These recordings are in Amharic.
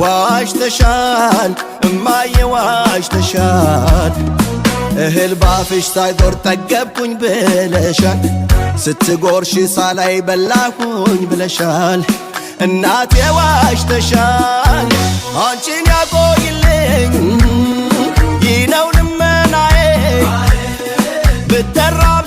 ዋሽተሻል እማዬ ዋሽተሻል እህል ባፍሽ ሳይዞር ጠገብኩኝ ብለሻል ስትጎርሽ ሳላይ በላኩኝ ብለሻል እናቴ ዋሽተሻል አንቺን ያቆይልኝ ይነው ልመናዬ ብተራብ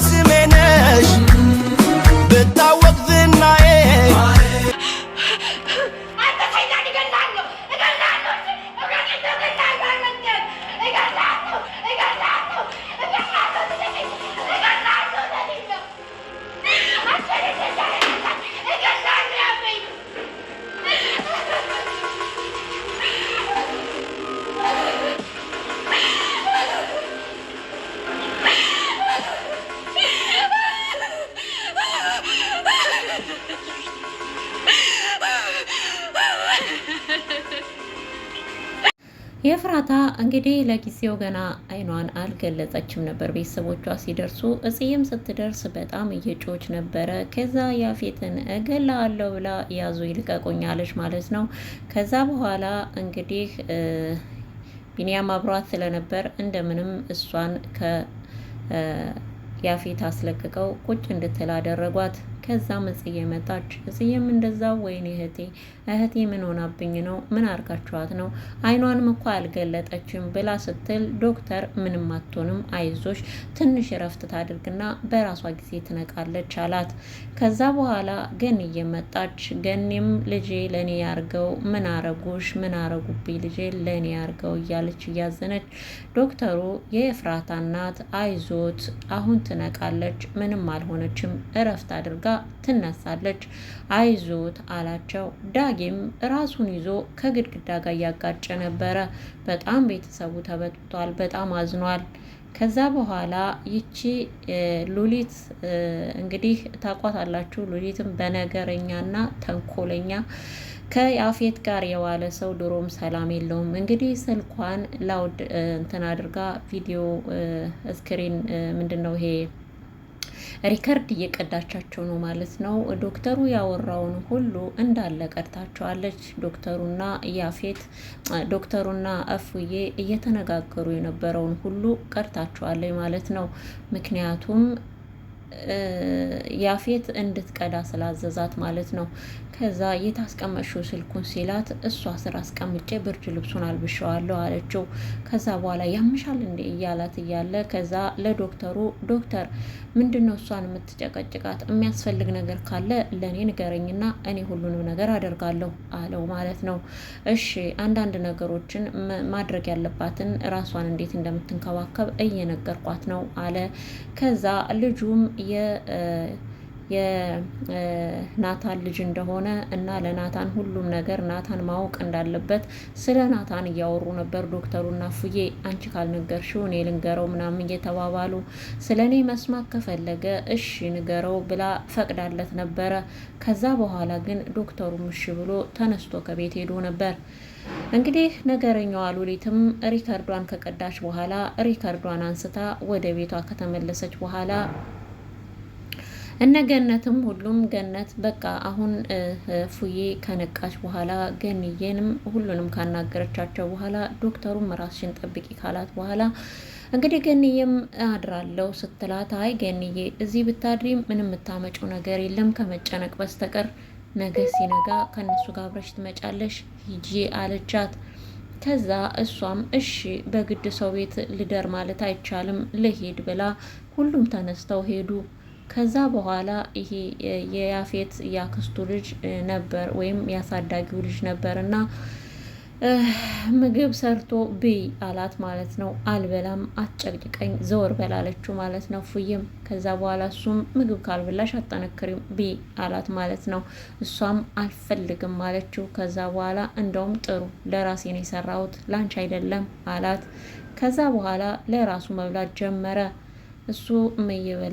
የፍራታ እንግዲህ ለጊዜው ገና አይኗን አልገለጸችም ነበር። ቤተሰቦቿ ሲደርሱ እጽዬም ስትደርስ በጣም እየጮች ነበረ። ከዛ ያፌትን እገላለሁ ብላ ያዙ ይልቀቁኛለች ማለት ነው። ከዛ በኋላ እንግዲህ ቢኒያም አብሯት ስለነበር እንደምንም እሷን ከያፌት አስለቅቀው ቁጭ እንድትል አደረጓት። ከዛም እጽዬ መጣች። እጽዬም እንደዛ ወይኔ እህቴ እህቴ ምን ሆናብኝ ነው? ምን አርጋችኋት ነው? አይኗንም እኮ አልገለጠችም ብላ ስትል ዶክተር ምንም አትሆንም፣ አይዞሽ ትንሽ እረፍት ታድርግና በራሷ ጊዜ ትነቃለች አላት። ከዛ በኋላ ገንዬ መጣች። ገኔም ልጄ ለእኔ ያርገው ምን አረጉሽ? ምን አረጉብኝ? ልጄ ለእኔ ያርገው እያለች እያዘነች ዶክተሩ የኤፍራታ እናት አይዞት አሁን ትነቃለች፣ ምንም አልሆነችም፣ እረፍት አድርጋ ትነሳለች። አይዞት አላቸው። ዳጊም ራሱን ይዞ ከግድግዳ ጋር እያጋጨ ነበረ። በጣም ቤተሰቡ ተበጥቷል። በጣም አዝኗል። ከዛ በኋላ ይቺ ሉሊት እንግዲህ ታቋታላችሁ። ሉሊትም በነገረኛና ተንኮለኛ ከያፌት ጋር የዋለ ሰው ድሮም ሰላም የለውም። እንግዲህ ስልኳን ላውድ እንትን አድርጋ ቪዲዮ ስክሪን ምንድን ነው ይሄ ሪከርድ እየቀዳቻቸው ነው ማለት ነው። ዶክተሩ ያወራውን ሁሉ እንዳለ ቀድታቸዋለች። ዶክተሩና ያፌት ዶክተሩና እፉዬ እየተነጋገሩ የነበረውን ሁሉ ቀድታቸዋለች ማለት ነው። ምክንያቱም ያፌት እንድትቀዳ ስላዘዛት ማለት ነው። ከዛ የታስቀመጥሽው ስልኩን ሲላት እሷ ስር አስቀምጬ ብርድ ልብሱን አልብሸዋለሁ አለችው። ከዛ በኋላ ያምሻል እንዴ እያላት እያለ ከዛ ለዶክተሩ ዶክተር ምንድን ነው እሷን የምትጨቀጭቃት? የሚያስፈልግ ነገር ካለ ለእኔ ንገረኝና እኔ ሁሉንም ነገር አደርጋለሁ አለው ማለት ነው። እሺ አንዳንድ ነገሮችን ማድረግ ያለባትን ራሷን እንዴት እንደምትንከባከብ እየነገርኳት ነው አለ። ከዛ ልጁም የ የናታን ልጅ እንደሆነ እና ለናታን ሁሉም ነገር ናታን ማወቅ እንዳለበት ስለ ናታን እያወሩ ነበር። ዶክተሩና ፉዬ አንቺ ካልነገርሽው እኔ ልንገረው ምናምን እየተባባሉ ስለ እኔ መስማት ከፈለገ እሺ ንገረው ብላ ፈቅዳለት ነበረ። ከዛ በኋላ ግን ዶክተሩም እሺ ብሎ ተነስቶ ከቤት ሄዶ ነበር። እንግዲህ ነገረኛዋ ሉሊትም ሪከርዷን ከቀዳች በኋላ ሪከርዷን አንስታ ወደ ቤቷ ከተመለሰች በኋላ እነ ገነትም ሁሉም ገነት በቃ አሁን ፉዬ ከነቃች በኋላ ገንዬንም ሁሉንም ካናገረቻቸው በኋላ ዶክተሩም ራስሽን ጠብቂ ካላት በኋላ እንግዲህ ገንዬም አድራለው ስትላት፣ አይ ገንዬ እዚህ ብታድሪ ምንም የምታመጪው ነገር የለም ከመጨነቅ በስተቀር ነገ ሲነጋ ከእነሱ ጋር አብረሽ ትመጫለሽ ሂጂ አለቻት። ከዛ እሷም እሺ በግድ ሰው ቤት ልደር ማለት አይቻልም ልሄድ ብላ ሁሉም ተነስተው ሄዱ። ከዛ በኋላ ይሄ የያፌት ያክስቱ ልጅ ነበር ወይም ያሳዳጊው ልጅ ነበር እና ምግብ ሰርቶ ብይ አላት ማለት ነው። አልበላም፣ አትጨቅጭቀኝ፣ ዘወር በላለችው ማለት ነው ፉዬም። ከዛ በኋላ እሱም ምግብ ካልበላሽ አጠነክሪም ብይ አላት ማለት ነው። እሷም አልፈልግም አለችው። ከዛ በኋላ እንደውም ጥሩ ለራሴ ነው የሰራሁት ላንች አይደለም አላት። ከዛ በኋላ ለራሱ መብላት ጀመረ። እሱ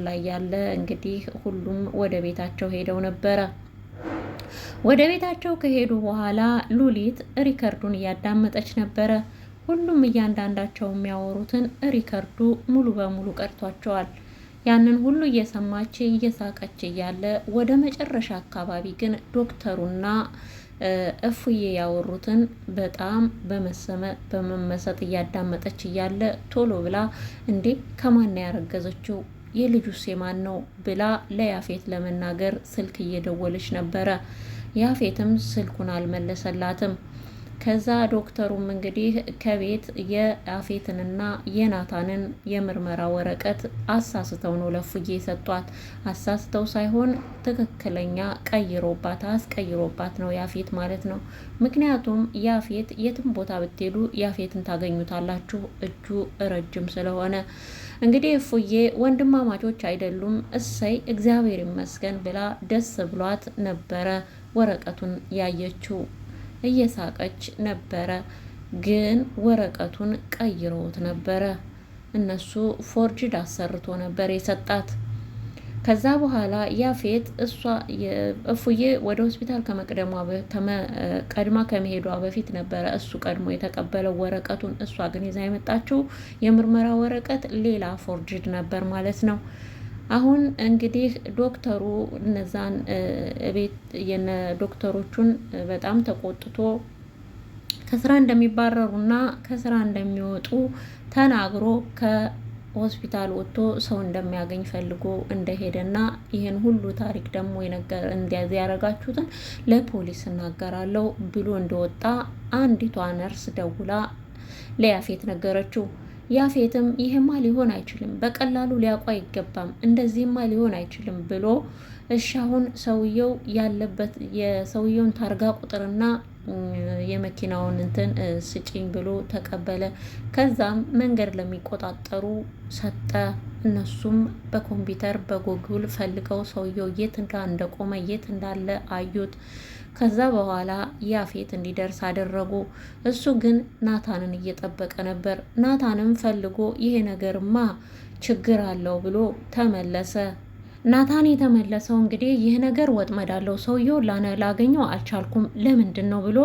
ላይ እያለ እንግዲህ ሁሉም ወደ ቤታቸው ሄደው ነበረ። ወደ ቤታቸው ከሄዱ በኋላ ሉሊት ሪከርዱን እያዳመጠች ነበረ። ሁሉም እያንዳንዳቸው የሚያወሩትን ሪከርዱ ሙሉ በሙሉ ቀርቷቸዋል። ያንን ሁሉ እየሰማች እየሳቀች እያለ ወደ መጨረሻ አካባቢ ግን ዶክተሩና እፉዬ ያወሩትን በጣም በመሰመ በመመሰጥ እያዳመጠች እያለ ቶሎ ብላ እንዴ ከማን ያረገዘችው የልጁ ሴማን ነው ብላ ለያፌት ለመናገር ስልክ እየደወለች ነበረ። ያፌትም ስልኩን አልመለሰላትም። ከዛ ዶክተሩም እንግዲህ ከቤት የአፌትንና የናታንን የምርመራ ወረቀት አሳስተው ነው ለፉዬ ሰጧት። አሳስተው ሳይሆን ትክክለኛ ቀይሮባት አስቀይሮባት ነው ያፌት ማለት ነው። ምክንያቱም ያፌት የትም ቦታ ብትሄዱ ያፌትን ታገኙታላችሁ እጁ ረጅም ስለሆነ እንግዲህ እፉዬ ወንድማማቾች አይደሉም፣ እሰይ እግዚአብሔር ይመስገን ብላ ደስ ብሏት ነበረ ወረቀቱን ያየችው። እየሳቀች ነበረ። ግን ወረቀቱን ቀይረውት ነበረ። እነሱ ፎርጅድ አሰርቶ ነበር የሰጣት። ከዛ በኋላ ያፌት እሷ እፉዬ ወደ ሆስፒታል ከመቅደሟ ቀድማ ከመሄዷ በፊት ነበረ እሱ ቀድሞ የተቀበለው ወረቀቱን። እሷ ግን ይዛ የመጣችው የምርመራ ወረቀት ሌላ ፎርጅድ ነበር ማለት ነው። አሁን እንግዲህ ዶክተሩ እነዛን ቤት የነ ዶክተሮቹን በጣም ተቆጥቶ ከስራ እንደሚባረሩና ከስራ እንደሚወጡ ተናግሮ ከሆስፒታል ወጥቶ ሰው እንደሚያገኝ ፈልጎ እንደሄደና ይህን ሁሉ ታሪክ ደግሞ እንዲያዝ ያደረጋችሁትን ለፖሊስ እናገራለሁ ብሎ እንደወጣ አንዲቷ ነርስ ደውላ ለያፌት ነገረችው። ያፌትም ይሄማ ሊሆን አይችልም፣ በቀላሉ ሊያውቁ አይገባም፣ እንደዚህማ ሊሆን አይችልም ብሎ እሺ፣ አሁን ሰውየው ያለበት የሰውየውን ታርጋ ቁጥርና የመኪናውን እንትን ስጪኝ ብሎ ተቀበለ። ከዛም መንገድ ለሚቆጣጠሩ ሰጠ። እነሱም በኮምፒውተር በጉግል ፈልገው ሰውየው የት ጋ እንደቆመ የት እንዳለ አዩት። ከዛ በኋላ ያፌት እንዲደርስ አደረጉ። እሱ ግን ናታንን እየጠበቀ ነበር። ናታንም ፈልጎ ይሄ ነገርማ ችግር አለው ብሎ ተመለሰ። ናታን የተመለሰው እንግዲህ ይህ ነገር ወጥመድ አለው፣ ሰውየው ላገኘው አልቻልኩም፣ ለምንድን ነው ብሎ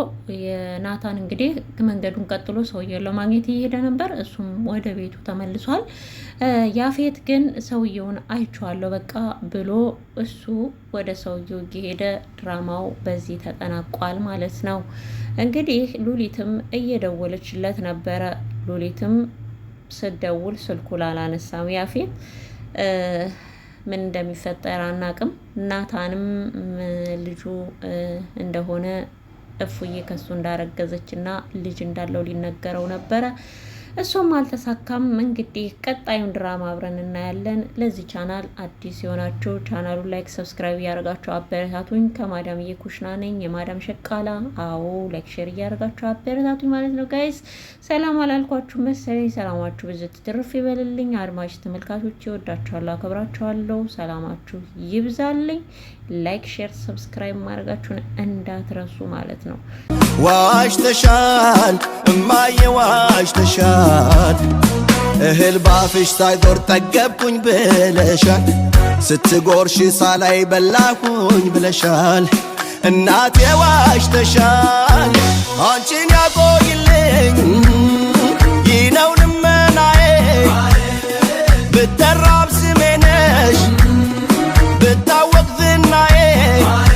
ናታን እንግዲህ መንገዱን ቀጥሎ ሰውየውን ለማግኘት እየሄደ ነበር። እሱም ወደ ቤቱ ተመልሷል። ያፌት ግን ሰውየውን አይቼዋለሁ በቃ ብሎ እሱ ወደ ሰውየው እየሄደ ድራማው በዚህ ተጠናቋል ማለት ነው። እንግዲህ ሉሊትም እየደወለችለት ነበረ። ሉሊትም ስደውል ስልኩ ላላነሳም ያፌት ምን እንደሚፈጠር አናቅም። ናታንም ልጁ እንደሆነ እፉዬ ከሱ እንዳረገዘች እና ልጅ እንዳለው ሊነገረው ነበረ። እሱም አልተሳካም። እንግዲህ ቀጣዩን ድራማ አብረን እናያለን። ለዚህ ቻናል አዲስ የሆናችሁ ቻናሉ ላይክ፣ ሰብስክራይብ እያደረጋችሁ አበረታቱኝ። ከማዳም እየኩሽና ነኝ የማዳም ሸቃላ። አዎ ላይክ፣ ሼር እያደረጋችሁ አበረታቱኝ ማለት ነው ጋይስ። ሰላም አላልኳችሁ መሰለኝ። ሰላማችሁ ብዙ ትርፍ ይበልልኝ። አድማጭ ተመልካቾች ይወዳችኋለሁ፣ አከብራችኋለሁ። ሰላማችሁ ይብዛልኝ። ላይክ፣ ሼር፣ ሰብስክራይብ ማድረጋችሁን እንዳትረሱ ማለት ነው። ዋሽተሻል እማዬ ዋሽተሻል፣ እህል ባፍሽ ሳይዞር ጠገብኩኝ ብለሻል፣ ስትጎርሽ ሳላይ በላኩኝ ብለሻል። እናቴ ዋሽተሻል፣ አንቺን ያቆይልኝ Bye.